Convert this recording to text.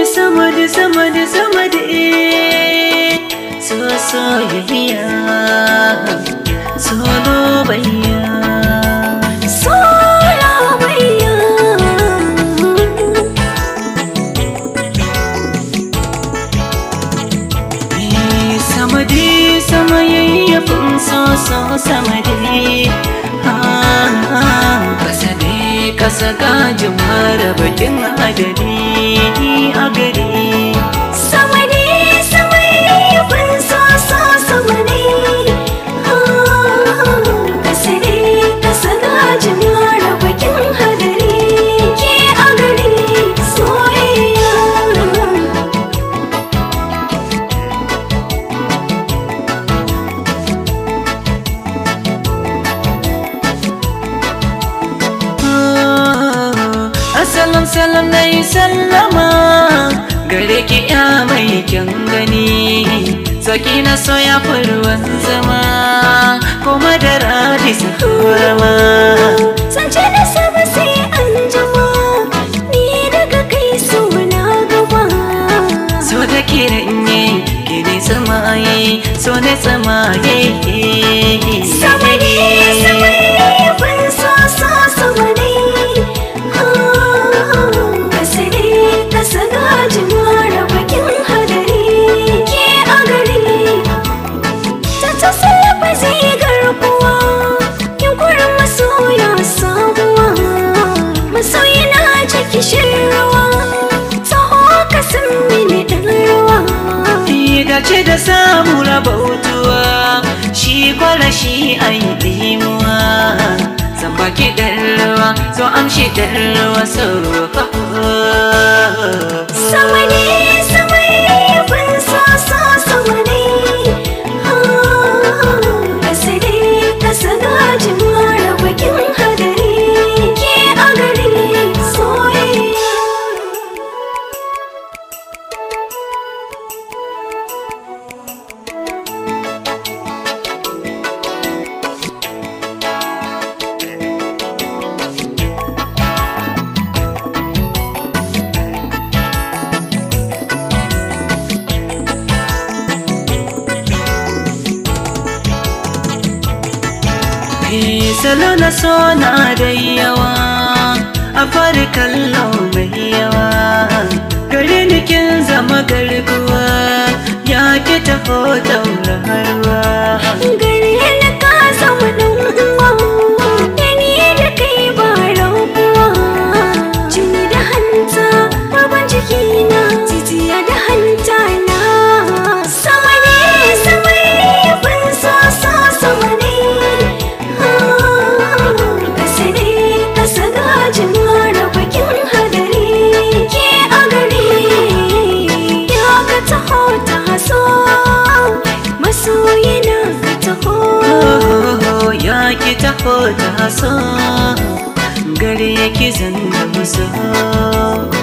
yi sama da sama da sama da e so soyayya so lobayya so lobayya sama da sama yayyafin so so sama da kasa ne kasa gajin mara bakin adadi salam na yi sallama gare ki ya mai kyan gani saki na soya furwan zama ko madara su kurama sance na saba sai an jama ni daga kai suna gaba so da ke inye ke ne sama yi so ne sama yi sama ne sama yi ce da samu rabautuwa shi kwara shi ayi dimuwa zan baki ruwa so amshi ruwa so Somebody salo na so na da yawa a fari kallo mai yawa gari nikin zama garkuwa ya ke tafo da ki taho ta hasa gare ki zanga da musa